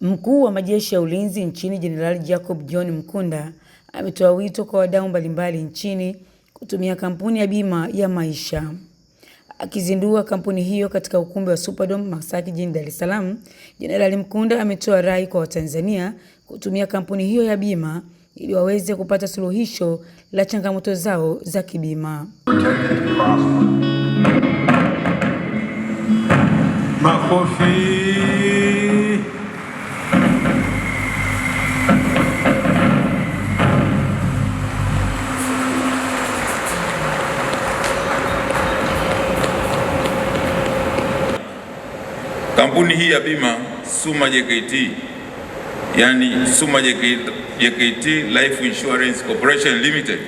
Mkuu wa majeshi ya ulinzi nchini Jenerali Jacob John Mkunda ametoa wito kwa wadau mbalimbali nchini kutumia kampuni ya bima ya maisha. Akizindua kampuni hiyo katika ukumbi wa Superdome Masaki jijini Dar es Salaam, Jenerali Mkunda ametoa rai kwa Watanzania kutumia kampuni hiyo ya bima ili waweze kupata suluhisho la changamoto zao za kibima. Makofi. Kampuni hii ya bima Suma JKT, yani Suma JKT Life Insurance Corporation Limited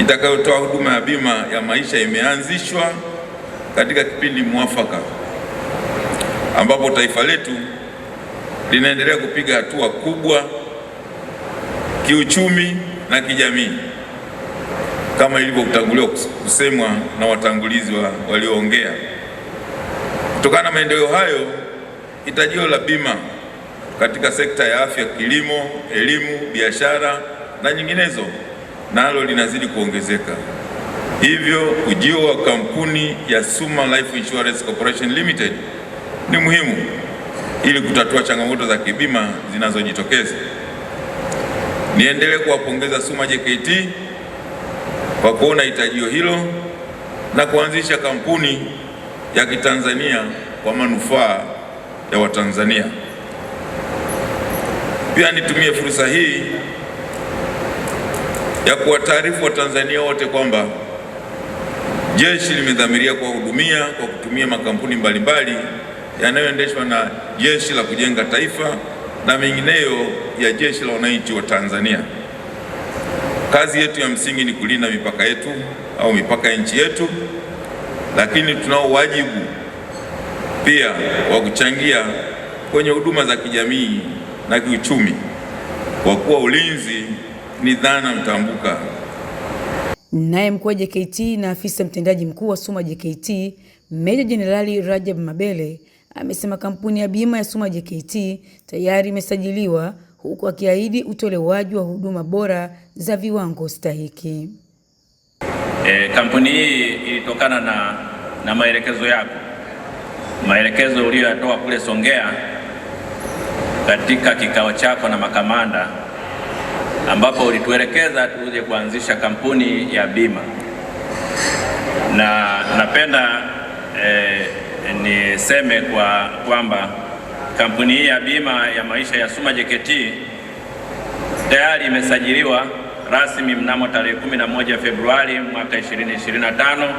itakayotoa huduma ya bima ya maisha imeanzishwa katika kipindi mwafaka ambapo taifa letu linaendelea kupiga hatua kubwa kiuchumi na kijamii kama ilivyotanguliwa kusemwa na watangulizi wa walioongea. Kutokana na maendeleo hayo, hitajio la bima katika sekta ya afya, kilimo, elimu, biashara na nyinginezo nalo na linazidi kuongezeka. Hivyo ujio wa kampuni ya Suma Life Insurance Corporation Limited ni muhimu ili kutatua changamoto za kibima zinazojitokeza. Niendelee kuwapongeza Suma JKT kwa kuona hitajio hilo na kuanzisha kampuni ya Kitanzania kwa manufaa ya Watanzania. Pia nitumie fursa hii ya kuwataarifu Watanzania wote kwamba jeshi limedhamiria kuwahudumia kwa kutumia makampuni mbalimbali yanayoendeshwa na Jeshi la Kujenga Taifa na mengineyo ya Jeshi la Wananchi wa Tanzania. Kazi yetu ya msingi ni kulinda mipaka yetu au mipaka ya nchi yetu lakini tunao wajibu pia wa kuchangia kwenye huduma za kijamii na kiuchumi, kwa kuwa ulinzi ni dhana mtambuka. Naye mkuu wa JKT na afisa mtendaji mkuu wa SUMA JKT Meja Jenerali Rajab Mabele amesema kampuni ya bima ya SUMA JKT tayari imesajiliwa huku akiahidi utolewaji wa huduma bora za viwango stahiki. E, kampuni hii ilitokana na, na maelekezo yako, maelekezo uliyoyatoa kule Songea katika kikao chako na makamanda, ambapo ulituelekeza tuje kuanzisha kampuni ya bima, na napenda e, niseme kwa kwamba kampuni hii ya bima ya maisha ya Suma JKT tayari imesajiliwa rasmi mnamo tarehe 11 Februari mwaka 2025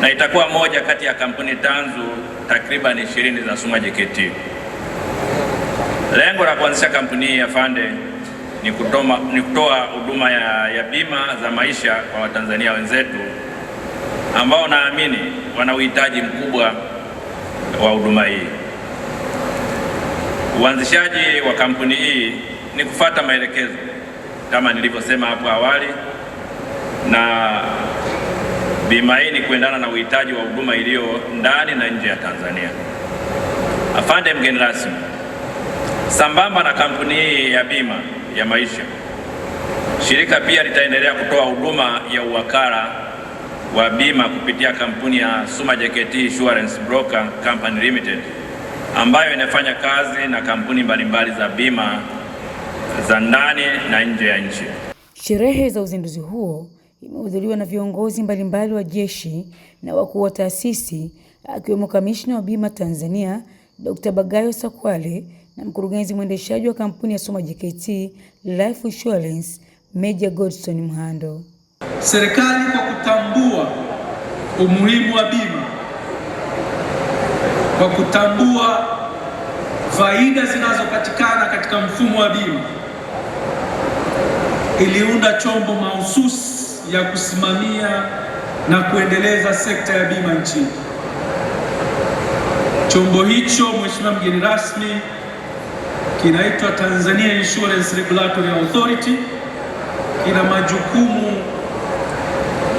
na itakuwa moja kati ya kampuni tanzu takriban 20 za Suma JKT. Lengo la kuanzisha kampuni hii ya Fande ni, kutoma, ni kutoa huduma ya, ya bima za maisha kwa Watanzania wenzetu ambao naamini wana uhitaji mkubwa wa huduma hii. Uanzishaji wa kampuni hii ni kufuata maelekezo kama nilivyosema hapo awali, na bima hii ni kuendana na uhitaji wa huduma iliyo ndani na nje ya Tanzania. Afande mgeni rasmi, sambamba na kampuni hii ya bima ya maisha, shirika pia litaendelea kutoa huduma ya uwakala wa bima kupitia kampuni ya Suma JKT Insurance Broker Company Limited ambayo inafanya kazi na kampuni mbalimbali za bima za ndani na nje ya nchi. Sherehe za uzinduzi huo imehudhuriwa na viongozi mbalimbali wa jeshi na wakuu wa taasisi akiwemo Kamishna wa Bima Tanzania Dr. Bagayo Sakwale na mkurugenzi mwendeshaji wa kampuni ya Soma JKT Life Insurance Meja Godson Mhando. Serikali kwa kutambua umuhimu wa bima, kwa kutambua faida zinazopatikana katika mfumo wa bima iliunda chombo mahususi ya kusimamia na kuendeleza sekta ya bima nchini. Chombo hicho, Mheshimiwa mgeni rasmi, kinaitwa Tanzania Insurance Regulatory Authority. Kina majukumu,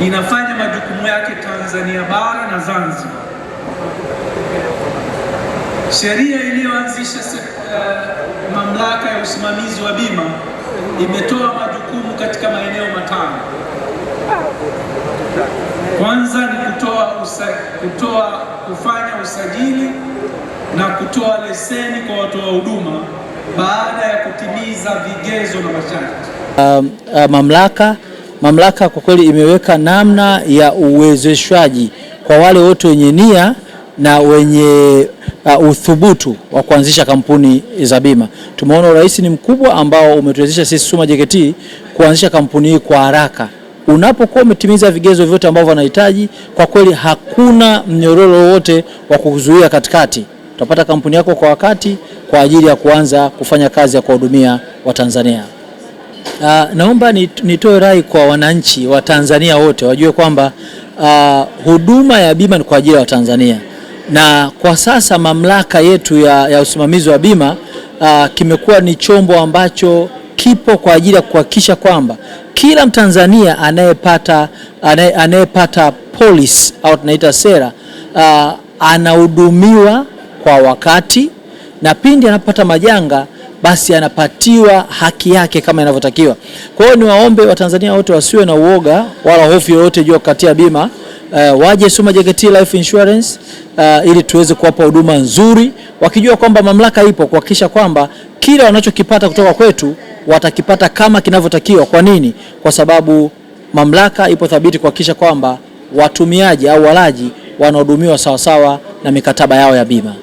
inafanya majukumu yake Tanzania bara na Zanzibar. Sheria iliyoanzisha uh, mamlaka ya usimamizi wa bima imetoa majukumu katika maeneo matano. Kwanza ni kutoa usa, kutoa kufanya usajili na kutoa leseni kwa watoa huduma baada ya kutimiza vigezo na masharti. Uh, uh, mamlaka mamlaka kwa kweli imeweka namna ya uwezeshwaji kwa wale wote wenye nia na wenye uh, uthubutu wa kuanzisha kampuni za bima. Tumeona urahisi ni mkubwa ambao umetuwezesha sisi Suma JKT kuanzisha kampuni hii kwa haraka. Unapokuwa umetimiza vigezo vyote ambavyo wanahitaji, kwa kweli hakuna mnyororo wote wa kukuzuia katikati. Utapata kampuni yako kwa wakati kwa ajili ya kuanza kufanya kazi ya kuwahudumia Watanzania. Uh, naomba nitoe rai kwa wananchi wa Tanzania wote wajue kwamba uh, huduma ya bima ni kwa ajili ya Watanzania na kwa sasa mamlaka yetu ya, ya usimamizi wa bima uh, kimekuwa ni chombo ambacho kipo kwa ajili ya kuhakikisha kwamba kila Mtanzania anayepata anayepata polisi au tunaita sera uh, anahudumiwa kwa wakati na pindi anapopata majanga basi anapatiwa haki yake kama inavyotakiwa. Kwa hiyo niwaombe Watanzania wote wasiwe na uoga wala hofu yoyote juu ya kukatia bima. Uh, waje Suma JKT Life Insurance uh, ili tuweze kuwapa huduma nzuri, wakijua kwamba mamlaka ipo kuhakikisha kwamba kila wanachokipata kutoka kwetu watakipata kama kinavyotakiwa. Kwa nini? Kwa sababu mamlaka ipo thabiti kuhakikisha kwamba watumiaji au walaji wanahudumiwa sawasawa na mikataba yao ya bima.